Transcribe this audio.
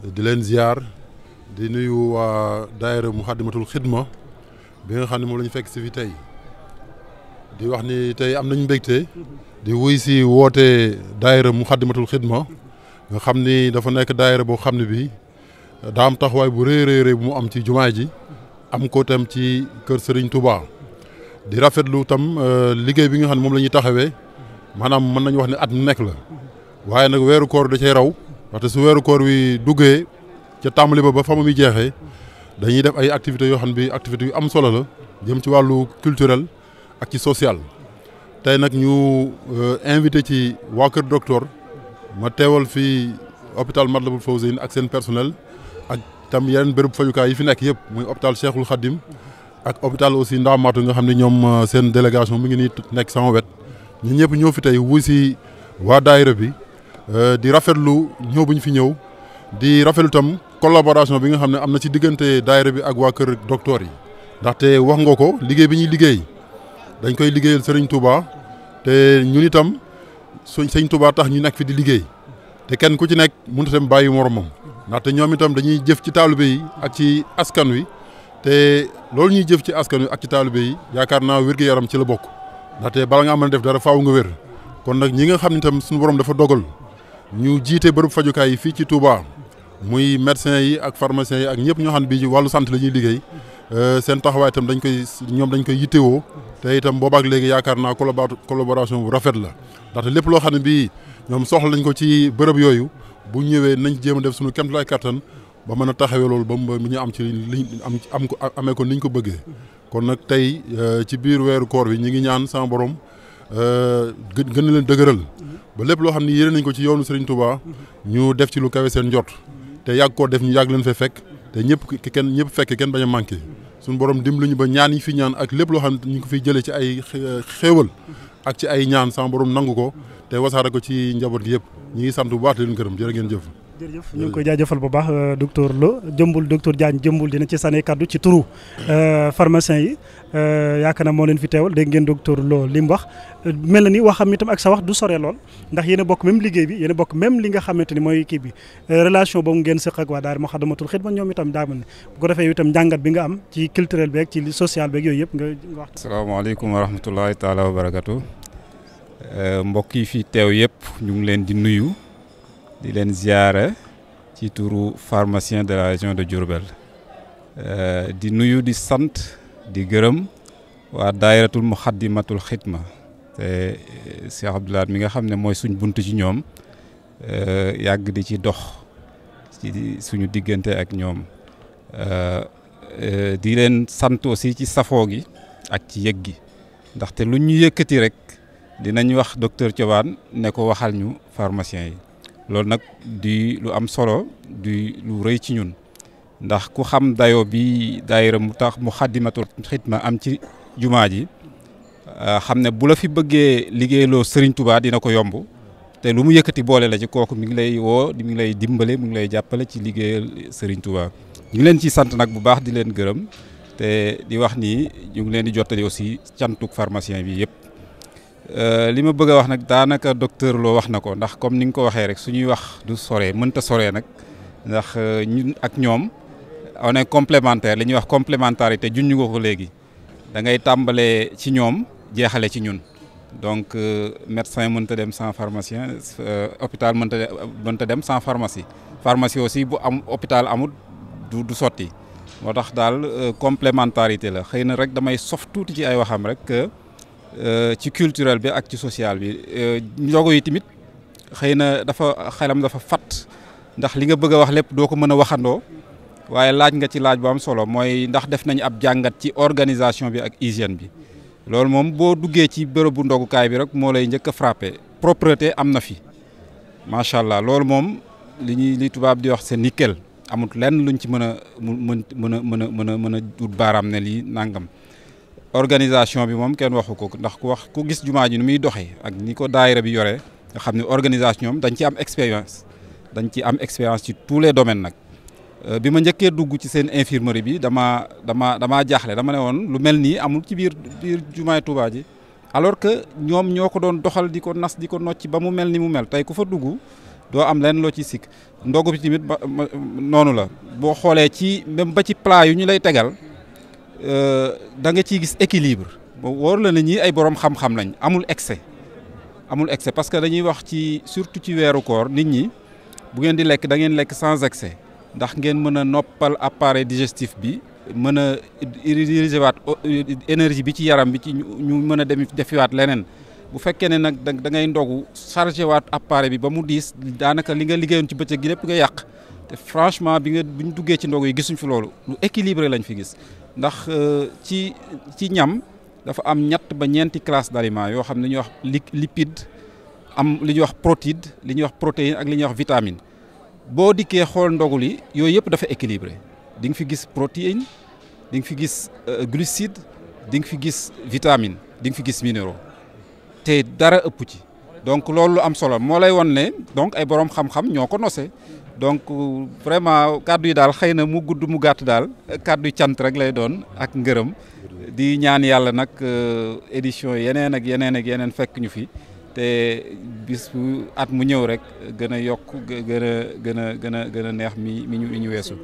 di leen ziar di nuyu waa daayira Muxaddamatul Xidma bi nga xam ne moom lañu fekk si fi tey di wax ni tey am nañ mbégte di wuy si woote daayira Muxaddamatul Xidma nga xam ni dafa nekk daayira boo xam ne bi daa am taxawaay bu rëy rëy rëy bu mu am ci jumaa ji am ko tam ci kër sëriñ Touba di rafetlu tam euh, liggéey bi nga xam ne moom lañuy taxawee maanaam mën nañu wax ne at mu nekk la waaye nag weeru koor da cay raw ndaxte su weeru koor wi duggee ca tàmbali ba ba fa muy jeexee dañuy def ay activités yoo xam bi activités yu am solo la jëm ci wàllu culturel ak ci social tey nag ñu euh, invité ci waa Kër Docteur ma teewal fii hôpital Matlaboul Fawzeyni ak seen personnel ak tam yeneen béréb fajukaay yi fi nekk yëpp muy hôpital Cheikhul Khadim ak hôpital aussi Ndamatou nga xam ne ñoom euh, seen délégation mi ngi nii nekk sama wet ñun ñëpp ñëw fi tey wuy si waa daayira bi Euh, di rafetlu ñëw bu ñu fi ñëw di rafetlu tam collaboration bi nga xam ne am na ci diggante daayira bi ak waa kër docteur yi ndaxte wax nga ko liggéey bi ñuy liggéey dañ koy liggéeyal Serigne Touba te ñun itam suñ Serigne Touba tax ñu nekk fi di liggéey te kenn ku ci nekk mënut dem bàyyi moromam ndaxte ñoom itam dañuy jëf ci taalibe yi ak ci askan wi te loolu ñuy jëf ci askan wi ak ci taalibe yi yaakaar naa wér-gu-yaram ci la bokk ndaxte bala nga mën dara faaw nga wér kon nag ñi nga xam suñu borom dafa dogal. ñu jiite bërëb fajukaay yi fii ci Touba muy médecin yi ak pharmacien yi ak ñëpp ñoo xam ne bii wàllu sant la ñuy liggéey euh, seen taxawaay itam dañ koy ñoom dañ koy yittewoo te itam boobaak léegi yaakaar naa collaboration bu rafet la ndaxte lépp loo xam ne bii ñoom soxla nañ ko ci bërëb yooyu bu ñëwee nañ jéem a def suñu kéemtalaay kattan ba mën a taxawee loolu ba mu ñu am ci li am am ko amee ko ni ñu ko bëggee kon nag tey euh, ci biir weeru koor bi ñu ngi ñaan sama borom euh, gën gën leen dëgëral. ba lépp loo xam ne yéene nañ ko ci yoonu Serigne Touba ñu def ci lu kawe seen njort te yàgg koo def ñu yàgg leen fa fekk te ñëpp kenn ñëpp fekk kenn bañ a manqué suñu borom dimbalu ñu ba ñaan yi fi ñaan ak lépp loo xam ne ñu ko fiy jëlee ci ay xéewal ak ci ay ñaan sama borom nangu ko te wasaare ko ci njaboot gi yëpp ñu ngi sant bu baax leen gërëm jërë ngeen jëf. jërëjëf ñu ngi koy jaajëfal bu baax euh, docteur Lo jëmbul docteur Diagne jëmbul dina ci sànni kaddu ci turu euh, pharmacien yi euh, yaakaar na moo leen fi teewal dégg ngeen docteur Lo li mu wax mel na ni wax xam itam ak sa wax du sore lool ndax yéen bokk même liggéey bi yéen a bokk même li nga xamante ni mooy kii bi relation boobu ngeen sëq ak waa daara Moukhaddamatoul Khidma ñoom itam daamal ne bu ko defee itam njàngat bi nga am ci culturel beeg ci social beeg yooyu yëpp nga nga wax. asalaamaaleykum wa rahmatulahi taala wa mbokk yi fi teew yëpp ñu ngi leen di nuyu di leen ziyaare ci turu pharmacien de la région de Diourbel euh, di nuyu di sant di gërëm waa daayiratul muxaddimatul xidma te euh, Cheikh Abdou Lahad mi nga xam ne mooy suñ bunt ci ñoom euh, yàgg di ci dox suñu diggante ak ñoom di leen sant aussi ci safoo gi ak ci yëg gi ndaxte lu ñu yëkkati rek dinañ wax docteur Thioban ne ko waxal ñu pharmacien yi loolu nag di lu am solo di lu rëy ci ñun ndax ku xam dayoo bi daayira mu tax mu xaddimatul xidma am ci jumaa ji ah, xam ne bu la fi bëggee liggéeyloo Serigne tubaa dina ko yomb te lu mu yëkkati boole la ci kooku mu ngi lay woo mi ngi lay dimbale mu ngi lay jàppale ci liggéeyal Serigne Touba ñu ngi leen ciy sant nag bu baax di leen gërëm te di wax ni ñu ngi leen di jottali aussi cantuk pharmacien bi yëpp. Euh, li ma bëgg a wax nag daanaka docteur loo wax na ko ndax comme ni nga ko waxee rek ñuy wax du soree mënta soree nag ndax euh, ñun ak ñoom aw na complementaire li ñuy wax complémentarité junñu ko ko léegi da ngay tàmbalee ci ñoom jeexale ci ñun donc euh, médecin mënta dem sans pharmacien hôpital mënta mënta dem sans pharmacie pharmacie aussi bu am hôpital amul du du sotti moo tax daal complémentarité la xëy na rek damay sof tuuti ci ay waxam rek Euh, ci culturel bi ak ci social bi euh, ndogu yi tamit xëy na dafa xelam dafa fat ndax li nga bëgg a wax lépp doo ko mën a waxandoo waaye laaj nga ci laaj bu am solo mooy ndax def nañ ab jàngat ci organisation bi ak hygiène bi loolu moom boo duggee ci bërëbu ndogukaay bi rek moo lay njëkk a frappé propreté am na fi macha allah loolu moom li ñuy li tubaab di wax c'est nickel amut lenn luñ ci mën a mën mën a mën a mën a mën a wut baaraam ne lii nangam. organisation bi moom kenn waxu ko ndax ku wax ku gis jumaa ji ni muy doxee ak ni ko daayira bi yore nga xam ne organisation dañ ci am expérience dañ ci am expérience ci tous les domaines nag euh, bi ma njëkkee dugg ci seen infirmerie bi dama dama damaa jaaxle dama ne woon lu mel nii amul ci biir biir jumaay Tuubaa ji alors que ñoom ñoo ko doon doxal di ko nas di ko nocc ba mu mel ni mu mel tey ku fa dugg doo am leen loo ci sikk ndogu bi tamit noonu la boo xoolee ci même ba ci plat yu ñu lay tegal da nga ciy gis équilibre wóor la ne ñii ay borom xam-xam lañ amul excès amul excès parce que dañuy wax ci surtout ci weeru koor nit ñi bu ngeen di lekk da ngeen lekk sans excès ndax ngeen mën a noppal appareil digestif bi mën a diriger waat énergie bi ci yaram bi ci ñu mën a dem defiwaat leneen bu fekkee ne nag da ngay ndogu chargé waat appareil bi ba mu diis daanaka li nga liggéeyoon ci bëccëg gi lépp nga yàq te franchement bi nga bi ñu duggee ci ndogu yi gisuñ fi loolu lu équilibré lañ fi gis ndax euh, ci ci ñam dafa am ñett ba ñeenti classe d'aliments yoo xam ne ñuy wax lipide am li ñuy wax protéide li ñuy wax protéine ak li ñuy wax vitamine boo dikkee xool ndogu li yooyu yëpp dafa équilibré di nga fi gis protéine di nga fi gis euh, glucide di nga fi gis vitamine di nga fi gis minéro te dara ëpp ci donc loolu lu am solo moo lay won ne donc ay boroom xam-xam ñoo ko nose donc vraiment kàddu yi daal xëy na mu gudd mu gàtt daal kàddu cant rek lay doon ak ngërëm di ñaan yàlla nag euh, édition yeneen ak yeneen ak yeneen fekk ñu fi te bis bu at mu ñëw rek gën a yokk gën a gën a gën a gën a neex mi ñu mi ñu weesu